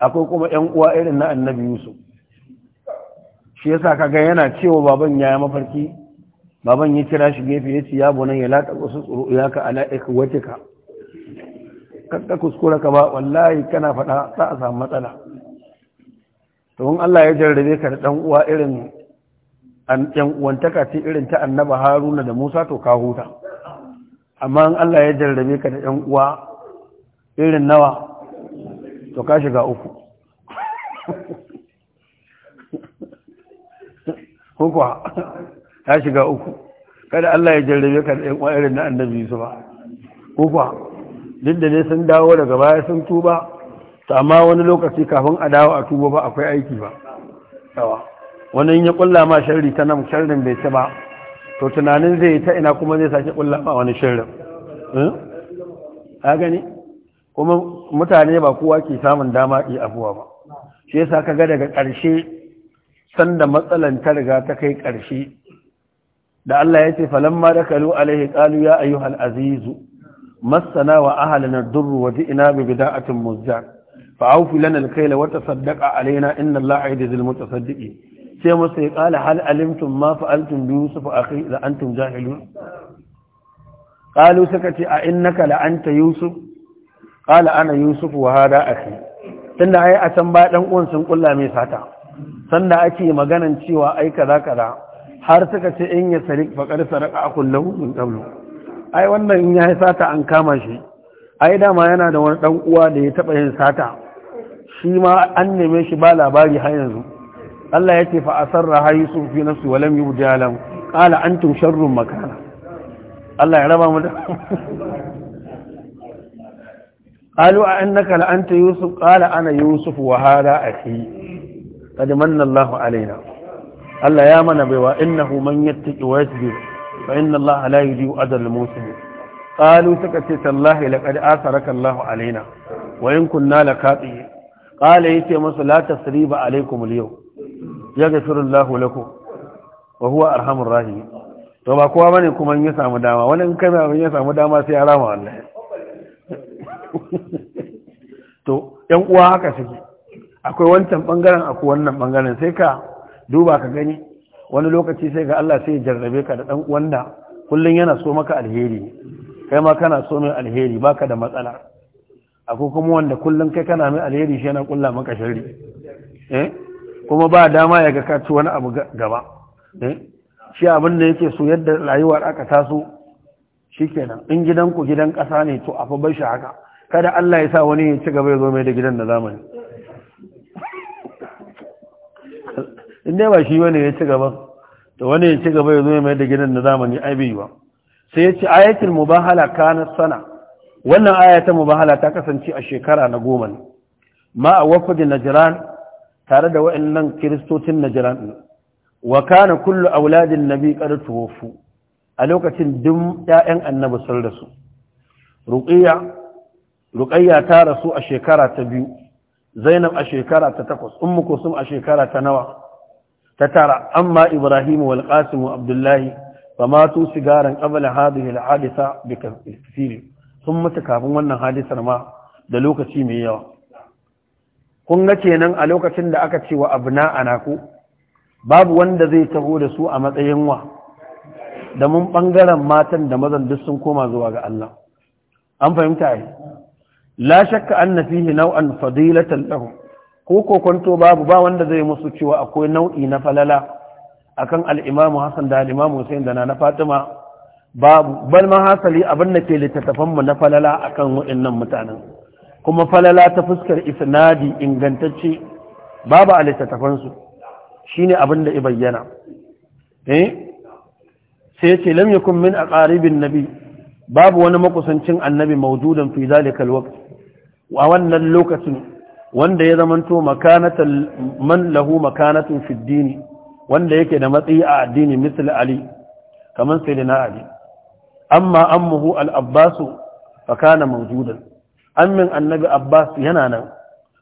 akwai kuma ‘yan uwa irin na annabi Yusuf shi yasa kaga yana cewa baban ya yi mafarki baban ya kira shi gefe ya ce ya bonan ya laƙa wasu tsoro ya ka ala ka kakka kuskura ka ba wallahi kana faɗa za a samu matsala to in Allah ya jarrabe ka da dan uwa irin an yan uwantaka ce irin ta annaba Haruna da Musa to ka huta amma in Allah ya jarrabe ka da yan uwa irin nawa to ka shiga uku ko kuwa ya shiga uku kada Allah ya jarrabe ka da ƴan irin na annabi su ba ko duk da ne sun dawo daga baya sun tuba to amma wani lokaci kafin a dawo a tuba ba akwai aiki ba yawa wani ya kulla ma sharri ta nan sharrin bai ci ba to tunanin zai ta ina kuma zai sake kulla ma wani sharrin hmm? a gani kuma mutane ba kowa ke samun dama yi abuwa ba shi yasa ga daga ƙarshe sanda matsalan ta riga ta kai ƙarshe da Allah ya ce falamma da kalu alaihi qalu ya ayyuhal azizu masana wa ahlana durru wa ji'na bi bida'atin muzja fa awfi lana al-kayla wa tasaddaq alaina inna Allaha yajzil mutasaddiqin sai musu ya qala hal alimtum ma fa'altum bi yusuf akhi la antum jahilun qalu suka ce a innaka la anta yusuf qala ana yusuf wa hada akhi tunda ai a can ba dan uwan sun kulla mai sata sanda ake maganan cewa ai kaza kaza har suka ce in ya sarik faqad saraka akul lahu min qablu ai wannan in ya sata an kama shi ai dama yana da wani dan uwa da ya taba yin sata shi ma an neme shi ba labari har yanzu Allah ya ce fa asarra haisu fi nafsi wa lam yubda lam qala antum sharrun makana Allah ya raba mu da la anta yusuf qala ana yusuf wa hada akhi qad manna Allahu alaina Allah ya mana baiwa innahu man yattaqi wa yasbir fa inna Allah la yudhi'u ajra al-muhsinin qalu takati tallahi laqad asaraka Allahu alaina wa in kunna laqati qala yace masa la tasriba alaykum al-yawm yaghfiru Allahu wa huwa to ba kowa bane kuma ya samu dama wani in kana ya samu dama sai ya rama Allah to ƴan uwa haka suke akwai wancan bangaren akwai wannan bangaren sai ka duba ka gani wani lokaci sai ga Allah sai ya jarrabe ka da dan wanda kullun yana so maka alheri kai ma kana so mai alheri baka da matsala akwai kuma wanda kullun kai kana mai alheri shi yana kulla maka sharri eh kuma ba dama ya ga ka ci wani abu gaba eh shi abin da yake so yadda rayuwar aka taso shikenan in gidanku gidan kasa ne to afa bar shi haka kada Allah ya sa wani ya ci gaba ya zo mai da gidan da zamani in dai ba shi wani ya ci gaba to wani ya ci gaba ya zo ya mai da gidan da zamani ai bai ba sai ya ce ayatul mubahala kana sana wannan aya ta mubahala ta kasance a shekara na goma ne ma a wafd najiran tare da waɗannan kiristocin najiran din wa kana kullu auladin nabi kada tuwafu a lokacin duk ƴaƴan annabi sun rasu ruqayya ruqayya ta rasu a shekara ta biyu zainab a shekara ta takwas ummu kusum a shekara ta nawa ta tara amma ibrahim wal qasim wa abdullahi fa matu sigaran qabla hadhihi al hadisa bi sun mutu kafin wannan hadisar ma da lokaci mai yawa kun ga kenan a lokacin da aka ce wa abna anaku babu wanda zai taho da su a matsayin wa da mun bangaren matan da mazan duk sun koma zuwa ga Allah an fahimta ai la shakka anna fihi naw'an fadilatan lahum ko kokonto babu ba wanda zai musu cewa akwai nau'i na falala akan al'imamu Hassan da al'imamu Hussein da na Fatima babu bal ma hasali abin da ke littattafan mu na falala akan nan mutanen kuma falala ta fuskar isnadi ingantacce babu a littattafan su shine abin da ya bayyana eh sai ce lam yakun min aqaribin nabi babu wani makusancin annabi mawjudan fi zalikal waqt a wannan lokacin wanda ya zamanto man lahu makanatun fi wanda yake da matsayi a addini misal ali Kamar kaman na ali amma ammuhu al-abbas fa kana mawjudan ammin annabi abbas yana nan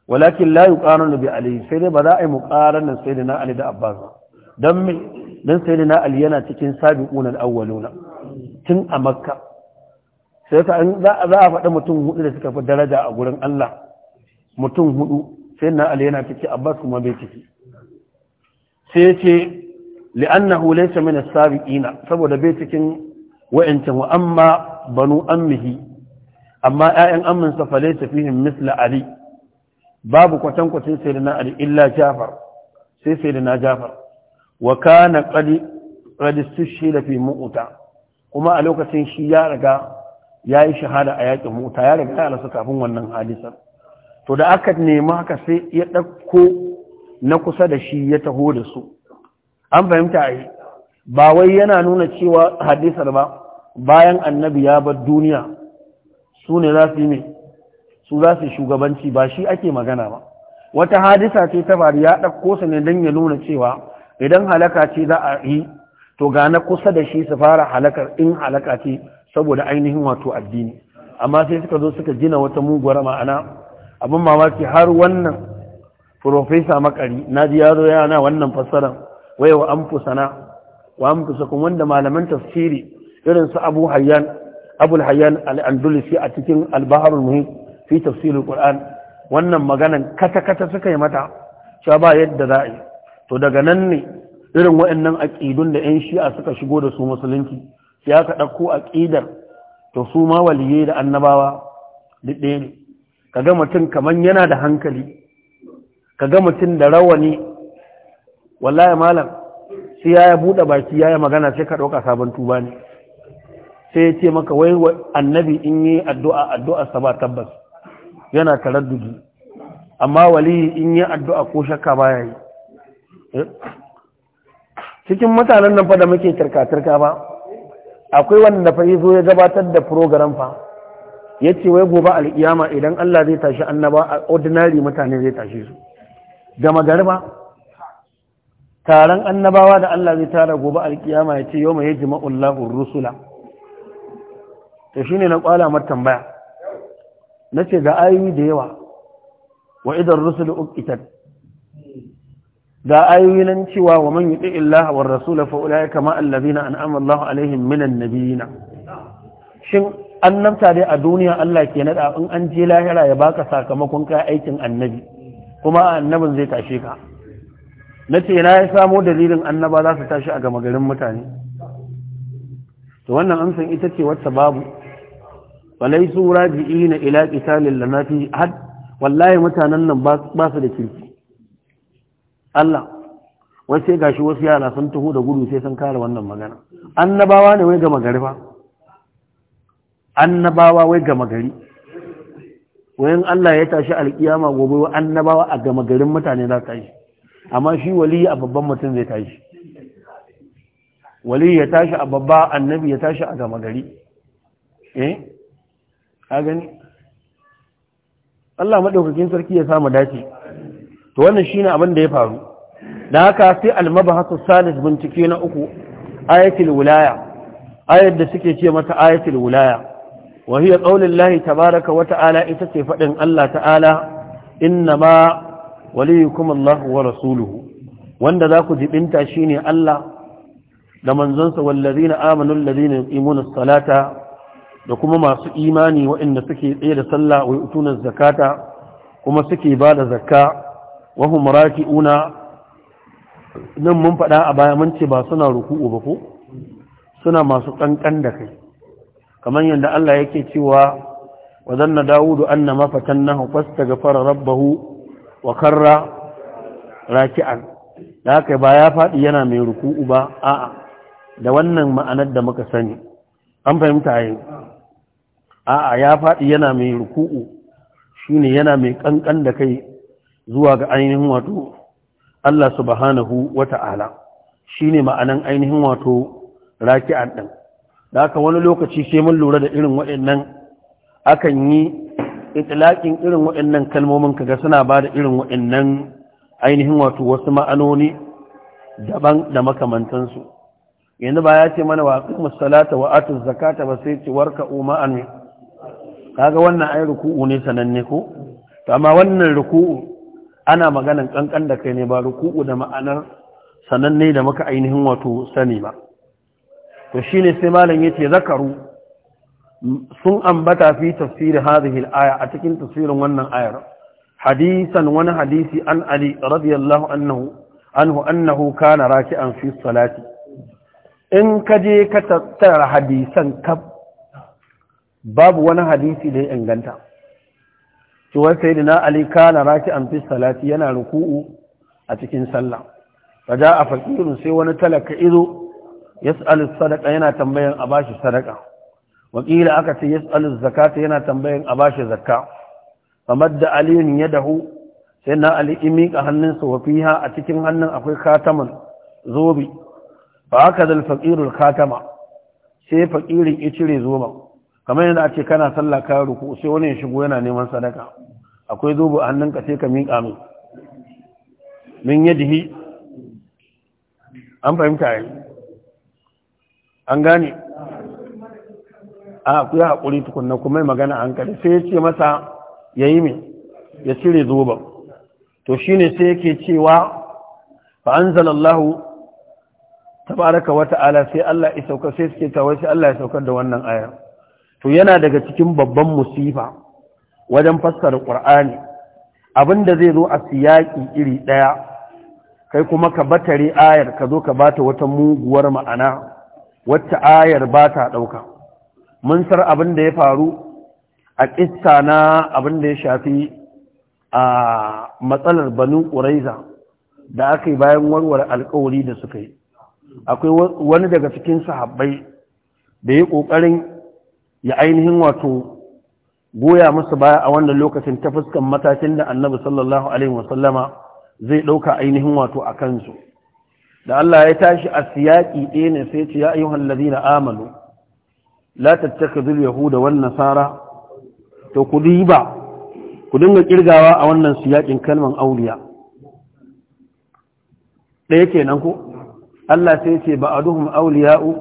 walakin la yuqaranu bi ali sai dai ba za a yi muqaranan na ali da abbas dan dan na ali yana cikin sabiqun al-awwaluna tun a makka sai ta za a faɗi mutum hudu da suka fi daraja a gurin Allah mutum hudu sai na ali yana ciki abbas kuma bai ciki sai ya ce li'annahu hulai min as-sabiqina saboda bai cikin wa'ancan wa amma banu ammihi amma yayan ammin sa falaysa fihim misla ali babu kwatan kwatan sayyidina ali illa jafar sai na jafar wa kana qad qad da fi mu'ta kuma a lokacin shi ya riga ya yi shahada a yakin mu'ta ya riga ya rasu kafin wannan hadisar to da aka nema haka sai ya ɗauko na kusa da shi ya taho da su an fahimta a yi ba wai yana nuna cewa hadisar ba bayan annabi ya bar duniya su ne za su yi su za su shugabanci ba shi ake magana ba wata hadisa ce ta faru ya ɗauko su ne don ya nuna cewa idan halaka ce za a yi to ga na kusa da shi su fara halakar in halaka ce saboda ainihin wato addini amma sai suka zo suka gina wata muguwar ma'ana abin mamaki har wannan profesa makari na ji yaro yana wannan fassarar waya wa an wa an kuma wanda malaman tafsiri irin su abu hayyan abul hayyan al-andalusi a cikin al-baharul muhim fi tafsirul qur'an wannan maganan kata kata suka yi mata cewa ba yadda za a yi to daga nan ne irin waɗannan aƙidun da 'yan shi'a suka shigo da su musulunci ya aka ɗauko aƙidar to su ma waliye da annabawa duk ɗaya ne Ka ga mutum kamar yana da hankali ka kaga mutum da rawani ya malam sai ya buɗe baki ya yi magana sai ka ɗauka sabon tuba ne sai ya ce maka wai annabi in yi addu'a addu'a sa tabbas yana taraddudi amma wali in yi addu'a ko shakka baya yi eh? cikin mutanen nan fa da muke tarka ba akwai wanda fa zo ya gabatar da program fa ya ce wai gobe alƙiyama idan Allah zai tashi annaba a ordinary mutane zai tashi su Gama garba, taron annabawa da Allah zai tara gobe alƙiyama ya ce yau mai yaji ma'ullahun rusula ta shi ne na kwala tambaya na ce ga ayoyi da yawa wa idan rusulu ukitar ga ayoyi nan cewa wa man yuɗi Allah wa rasula fa ulai kama allazina an'ama Allah alaihim minan nabiyina shin annabta dai a duniya Allah ke nada in an je lahira ya baka sakamakon kai aikin annabi kuma annabin zai tashe ka na ce na ya samo dalilin annaba za su tashi a gama garin mutane to wannan amsan ita ce wata babu walaisu raji'ina ila qitalil lanati had wallahi mutanen nan ba su da kirki Allah wai sai gashi wasu yara sun taho da gudu sai sun kare wannan magana annabawa ne wai gama gari fa annabawa wai gama gari wayan Allah ya tashi alkiyama gobe wa annabawa a gama garin mutane za ta yi amma shi waliyi a babban mutum zai tashi waliyi ya tashi a babba annabi ya tashi a gama gari eh ka gani Allah madaukakin sarki ya samu dace to wannan shine abin da ya faru dan haka sai al-mabahasu salis bincike na uku ayatul wilaya ayat da suke ce mata ayatul wilaya wa hiya qaulullahi tabaaraka wa ta'ala ita ce faɗin Allah ta'ala innama waliyukum Allahu wa rasuluhu wanda za ku ji jibinta shine Allah da manzonsa wallazina amanu allazina yuqimuna as-salata da kuma masu imani waɗanda suke tsaye da sallah wa yutuna zakata kuma suke ba da zakka wa hum nan mun faɗa a baya mun ce ba suna ruku'u ba ko suna masu ƙanƙan da kai kamar yadda Allah yake cewa wa zanna dawudu anna ma fatannahu fastaghfara rabbahu wa karra raki'an da haka ba ya faɗi yana mai ruku'u ba a'a da wannan ma'anar da muka sani an fahimta yayin a'a ya faɗi yana mai ruku'u shine yana mai kankan da kai zuwa ga ainihin wato Allah subhanahu wata'ala shine ma'anan ainihin wato raki'an din da haka wani lokaci sai mun lura da irin waɗannan akan yi itilakin irin waɗannan kalmomin kaga suna ba da irin waɗannan ainihin wato wasu ma'anoni daban da makamantansu yanzu ba ya ce mana wa aqimu salata wa atu zakata ba sai ce warka uma'an kaga wannan ai ruku'u ne sananne ko to amma wannan ruku'u ana maganan kankan da kai ne ba ruku'u da ma'anar sananne da muka ainihin wato sani ba to shine sai malam ce zakaru sun ambata fi tafsiri hadhihi aya a cikin tafsirin wannan ayar hadisan wani hadisi an ali radiyallahu anhu anhu annahu kana raki'an fi salati in ka je ka tattara hadisan kab babu wani hadisi da ya inganta cewa sayyidina ali kana raki'an fi salati yana ruku'u a cikin sallah faja a fakirin sai wani talaka izo yas'alu sadaqa yana tambayan a bashi sadaqa wakila aka ce yas'alu zakata yana tambayan a bashi zakka famadda aliyun yadahu sai na ali imika hannunsa wa fiha a cikin hannun akwai kataman zobi fa aka dal faqirul katama sai faqirin ya cire zoban kamar yadda a ce kana sallah ka ruku sai wani ya shigo yana neman sadaka akwai zobo a hannun ka sai ka miƙa min min yadihi an fahimta an gane a ku yi haƙuri tukunna kuma yi magana an kare sai ya ce masa ya yi mai ya cire zoban to shi ne sai yake cewa ba an zalallahu baraka wata ala sai Allah ya sauka sai suke tawai sai Allah ya saukar da wannan aya to yana daga cikin babban musifa wajen fassara Qur'ani abinda zai zo a siyaƙi iri ɗaya, kai kuma ka batare ayar ka zo ka bata wata muguwar ma'ana wacce ayar ba ta ɗauka mun sar abin da ya faru a ƙista na abin da ya shafi a matsalar banu ƙuraiza da aka yi bayan warware alkawari da suka yi akwai wani daga cikin sahabbai da ya ƙoƙarin ya ainihin wato goya musu baya a wannan lokacin ta fuskan matakin da annabi sallallahu alaihi wasallama zai ɗauka ainihin wato a kansu da Allah ya tashi a siyaƙi ɗaya ne sai ce ya yi ayyuhan ladina ta la zuri yahuda wan nasara to ku ba ku dinga kirgawa a wannan siyaƙin kalman auliya ɗaya kenan ku? Allah sai ce ba a duhun auliya'u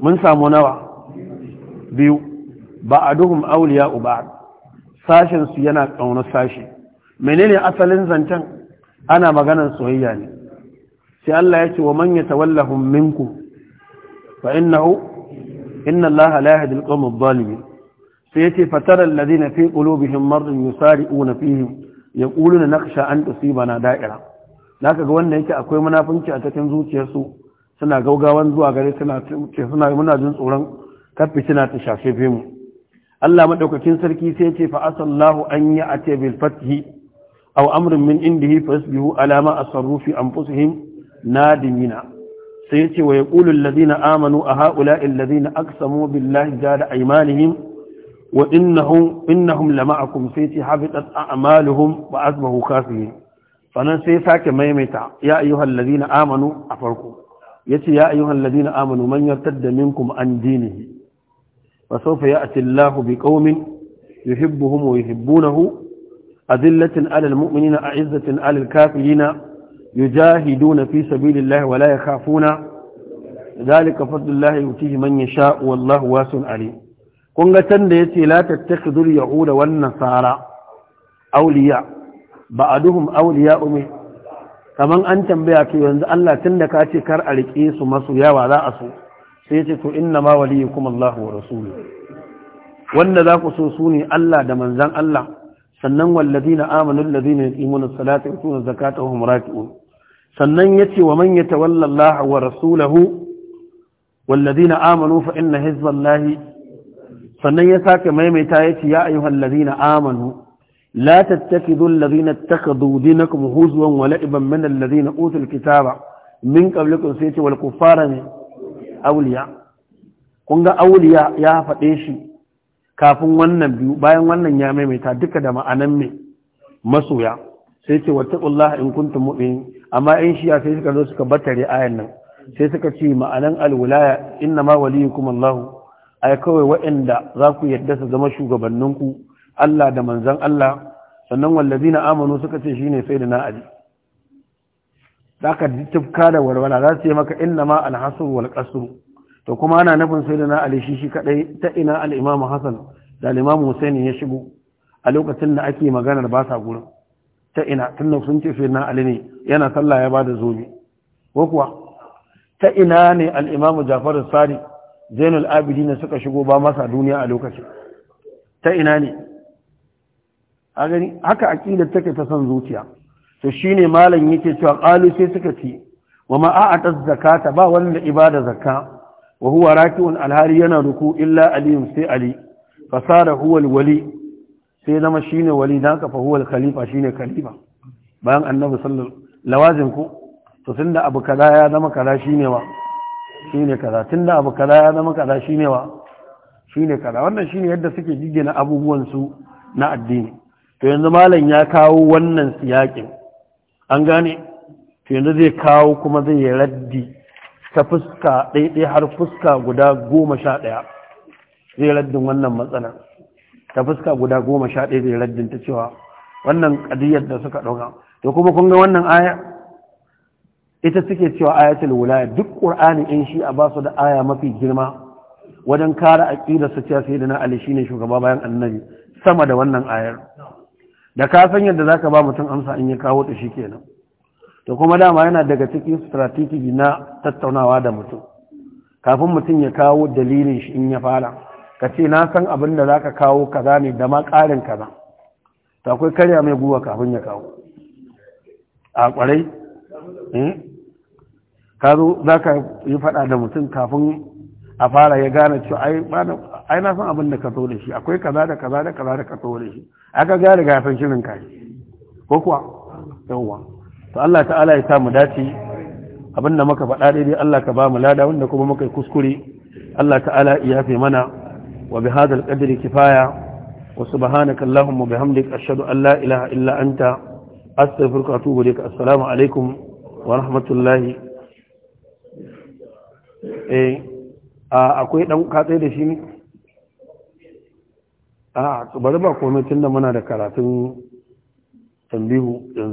mun samu nawa biyu Ba ba'aduhum auliya'u ba? sashin su yana ƙaunar sashi menene asalin zancen ana maganar soyayya ne sai Allah ya ce wa man yatawallahum minkum fa innahu inna Allah la yahdi al-qawm adh-dhalimin sai yace fatara alladhina fi qulubihim maradun yusari'una fihim yaquluna naqsha an tusibana da'ira naka ga wanda yake akwai munafunci a cikin zuciyarsu suna gaugawan zuwa gare suna suna muna jin tsoron kafi suna ta shafe mu Allah madaukakin sarki sai yace fa asallahu an ya'ti bil fathi aw amrin min indihi fasbihu alama a asarru fi anfusihim nadimina sai yace wa yaqulu alladhina amanu a haula'i alladhina aqsamu billahi jada aymanihim wa innahum innahum lama'akum sai yace habitat a'maluhum wa asbahu kafirin sannan sai sake maimaita ya ayyuhal ladina amanu a farko yace ya ayyuhal ladina amanu man yartadda minkum an dinihi fa sawfa ya'ti Allahu biqaumin yuhibbuhum wa yuhibbunahu adillatin 'alal mu'minina a'izzatin 'alal kafirina يجاهدون في سبيل الله ولا يخافون ذلك فضل الله يؤتيه من يشاء والله واسع عليم kun ga can da ya ce la tattakidul yahuda wan nasara auliya ba'aduhum auliya umi an tambaya to yanzu Allah da ka ce kar a rike su masu yawa za a so sai ce to inna ma waliyukum Allah wa rasuluhu wanda za ku so su ne Allah da manzon Allah sannan walladina amanu ya yuqimuna salata wa yutuna zakata wa hum raki'un sannan ce wa man yatawalla Allah wa rasulahu walladhina amanu fa inna hizballahi sannan ya sake maimaita ce ya ayyuhal ladina amanu لا تتخذوا الذين اتخذوا دينكم هزوا utul-kitaba. الذين اوتوا الكتاب من قبلكم سيتي والكفار اولياء kun ga auliya ya faɗe shi kafin wannan biyu bayan wannan ya maimaita duka da ma'anan mai masoya sai ce wattaqullaha in kuntum mu'minin amma in shiya sai suka zo suka battare ayan nan sai suka ce ma'anan alwulaya inna ma waliyukum Allah ai kawai waɗanda za ku yadda su zama shugabanninku Allah da manzan Allah sannan wallazina amanu suka ce shine sai na ali zaka da walwala za su yi maka inna ma alhasr wal qasr to kuma ana nufin saida na ali shi shi kadai ta ina al-imam hasan da al-imam ya shigo a lokacin da ake maganar ba sa gurin ta ina tun da sun ce sai na ali ne yana sallah ya bada zobe ko kuwa ta ina ne al-imamu Ja'far sadiq Zainul Abidin suka shigo ba masa duniya a lokaci? ta ina ne a gani haka aqidar take ta san zuciya to shine malam yake cewa qalu sai suka ce wa ma a'ata zakata ba wanda ibada zakka wa huwa raki'un alhari yana ruku illa aliyun sai ali fasara huwa alwali sai zama shine wali dan ka fahuwal khalifa shine khalifa bayan annabi sallallahu lawazin ku to tunda abu kaza ya zama kaza shine wa shine kaza tunda abu kaza ya zama kaza shine wa shine kaza wannan shine yadda suke jigina abubuwan su na addini to yanzu malam ya kawo wannan siyakin an gane to yanzu zai kawo kuma zai yi raddi ta fuska ɗaiɗai har fuska guda goma sha ɗaya zai raddin wannan matsalar ta fuska guda goma sha ɗaya bai raddin ta cewa wannan ƙadiyar da suka ɗauka to kuma kun ga wannan aya ita suke cewa ayatul wulaya duk ƙur'ani in shi a ba da aya mafi girma wajen kare aƙidar su cewa sai da na ali shine shugaba bayan annabi sama da wannan ayar da ka san yadda zaka ba mutum amsa in ya kawo ta kenan to kuma dama yana daga cikin strategy na tattaunawa da mutum kafin mutum ya kawo dalilin shi in ya fara ka ce na san abin da za ka kawo kaza ne da ma ƙarin kaza ta akwai karya mai guwa kafin ya kawo a ƙwarai eh? ka zo za ka yi faɗa da mutum kafin a fara ya gane cewa ai na san abin da ka zo da shi akwai kaza da kaza da kaza da ka zo da shi aka gane ga yafin shirin kai ko kuwa yawwa to Allah ta'ala ya sa mu dace da muka faɗa daidai Allah ka ba mu lada wanda kuma muka yi kuskure Allah ta'ala ya fi mana وبهذا القدر كفاية وسبحانك اللهم وبحمدك أشهد أن لا إله إلا أنت أستغفرك وأتوب إليك السلام عليكم ورحمة الله eh a akwai dan katsai da shi ne a bari ba komai tunda muna da karatun tambihu yanzu